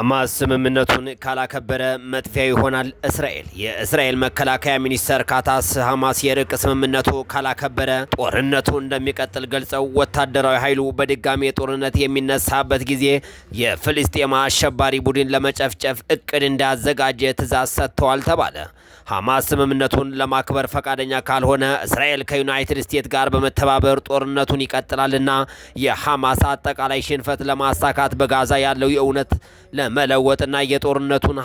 ሐማስ ስምምነቱን ካላከበረ መጥፊያ ይሆናል እስራኤል። የእስራኤል መከላከያ ሚኒስተር ካታስ ሐማስ የእርቅ ስምምነቱ ካላከበረ ጦርነቱ እንደሚቀጥል ገልጸው ወታደራዊ ኃይሉ በድጋሚ የጦርነት የሚነሳበት ጊዜ የፍልስጤማ አሸባሪ ቡድን ለመጨፍጨፍ እቅድ እንዳዘጋጀ ትእዛዝ ሰጥተዋል ተባለ። ሐማስ ስምምነቱን ለማክበር ፈቃደኛ ካልሆነ እስራኤል ከዩናይትድ ስቴትስ ጋር በመተባበር ጦርነቱን ይቀጥላልና የሐማስ አጠቃላይ ሽንፈት ለማሳካት በጋዛ ያለው የእውነት ለ በመለወጥና የጦርነቱን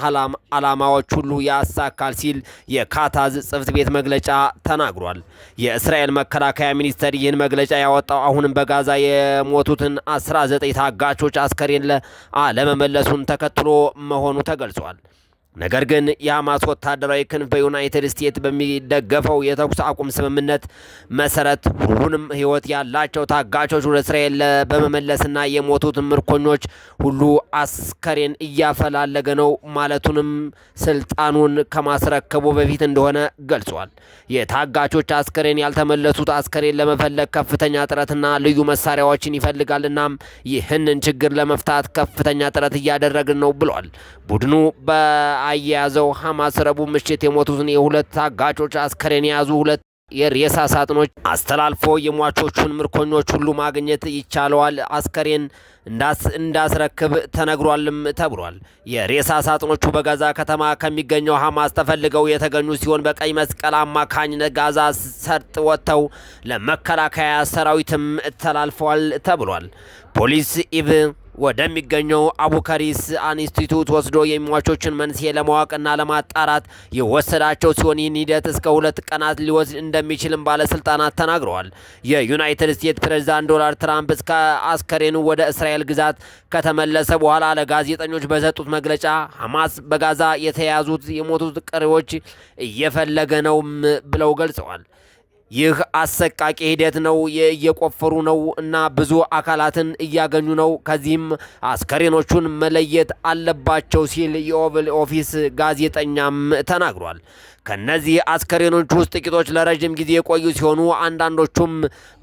ዓላማዎች ሁሉ ያሳካል ሲል የካታዝ ጽሕፈት ቤት መግለጫ ተናግሯል። የእስራኤል መከላከያ ሚኒስቴር ይህን መግለጫ ያወጣው አሁንም በጋዛ የሞቱትን 19 ታጋቾች አስከሬን ለአለመመለሱን ተከትሎ መሆኑ ተገልጿል። ነገር ግን የሐማስ ወታደራዊ ክንፍ በዩናይትድ ስቴትስ በሚደገፈው የተኩስ አቁም ስምምነት መሰረት ሁሉንም ህይወት ያላቸው ታጋቾች ወደ እስራኤል በመመለስና የሞቱት ምርኮኞች ሁሉ አስከሬን እያፈላለገ ነው ማለቱንም ስልጣኑን ከማስረከቡ በፊት እንደሆነ ገልጿል። የታጋቾች አስከሬን ያልተመለሱት አስከሬን ለመፈለግ ከፍተኛ ጥረትና ልዩ መሳሪያዎችን ይፈልጋል። እናም ይህንን ችግር ለመፍታት ከፍተኛ ጥረት እያደረግን ነው ብሏል። ቡድኑ በ አያያዘው ሐማስ ረቡዕ ምሽት የሞቱትን የሁለት ታጋቾች አስከሬን የያዙ ሁለት የሬሳ ሳጥኖች አስተላልፎ የሟቾቹን ምርኮኞች ሁሉ ማግኘት ይቻለዋል አስከሬን እንዳስረክብ ተነግሯልም ተብሏል። የሬሳ ሳጥኖቹ በጋዛ ከተማ ከሚገኘው ሐማስ ተፈልገው የተገኙ ሲሆን በቀይ መስቀል አማካኝነት ጋዛ ሰርጥ ወጥተው ለመከላከያ ሰራዊትም ተላልፈዋል ተብሏል። ፖሊስ ኢብ ወደሚገኘው አቡከሪስ ኢንስቲትዩት ወስዶ የሟቾችን መንስኤ ለማወቅና ለማጣራት የወሰዳቸው ሲሆን ይህን ሂደት እስከ ሁለት ቀናት ሊወስድ እንደሚችልም ባለስልጣናት ተናግረዋል። የዩናይትድ ስቴትስ ፕሬዝዳንት ዶናልድ ትራምፕ እስከ አስከሬኑ ወደ እስራኤል ግዛት ከተመለሰ በኋላ ለጋዜጠኞች በሰጡት መግለጫ ሐማስ በጋዛ የተያዙት የሞቱት ቀሪዎች እየፈለገ ነውም ብለው ገልጸዋል። ይህ አሰቃቂ ሂደት ነው። እየቆፈሩ ነው እና ብዙ አካላትን እያገኙ ነው። ከዚህም አስከሬኖቹን መለየት አለባቸው ሲል የኦቭል ኦፊስ ጋዜጠኛም ተናግሯል። ከነዚህ አስከሬኖች ውስጥ ጥቂቶች ለረዥም ጊዜ የቆዩ ሲሆኑ አንዳንዶቹም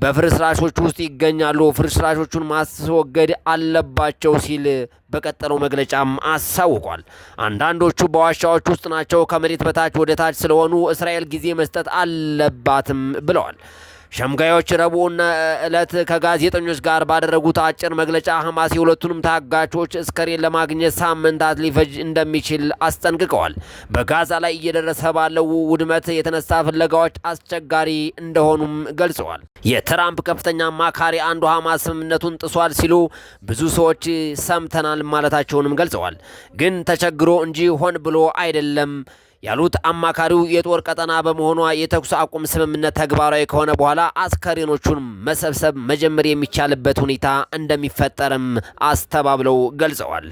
በፍርስራሾች ውስጥ ይገኛሉ። ፍርስራሾቹን ማስወገድ አለባቸው ሲል በቀጠለው መግለጫም አሳውቋል። አንዳንዶቹ በዋሻዎች ውስጥ ናቸው፣ ከመሬት በታች ወደ ታች ስለሆኑ እስራኤል ጊዜ መስጠት አለባትም ብለዋል። ሸምጋዮች ረቡዕ ዕለት ከጋዜጠኞች ጋር ባደረጉት አጭር መግለጫ ሐማስ የሁለቱንም ታጋቾች እስከሬን ለማግኘት ሳምንታት ሊፈጅ እንደሚችል አስጠንቅቀዋል። በጋዛ ላይ እየደረሰ ባለው ውድመት የተነሳ ፍለጋዎች አስቸጋሪ እንደሆኑም ገልጸዋል። የትራምፕ ከፍተኛ አማካሪ አንዱ ሐማስ ስምምነቱን ጥሷል ሲሉ ብዙ ሰዎች ሰምተናል ማለታቸውንም ገልጸዋል። ግን ተቸግሮ እንጂ ሆን ብሎ አይደለም ያሉት አማካሪው የጦር ቀጠና በመሆኗ የተኩስ አቁም ስምምነት ተግባራዊ ከሆነ በኋላ አስከሬኖቹን መሰብሰብ መጀመር የሚቻልበት ሁኔታ እንደሚፈጠርም አስተባብለው ገልጸዋል።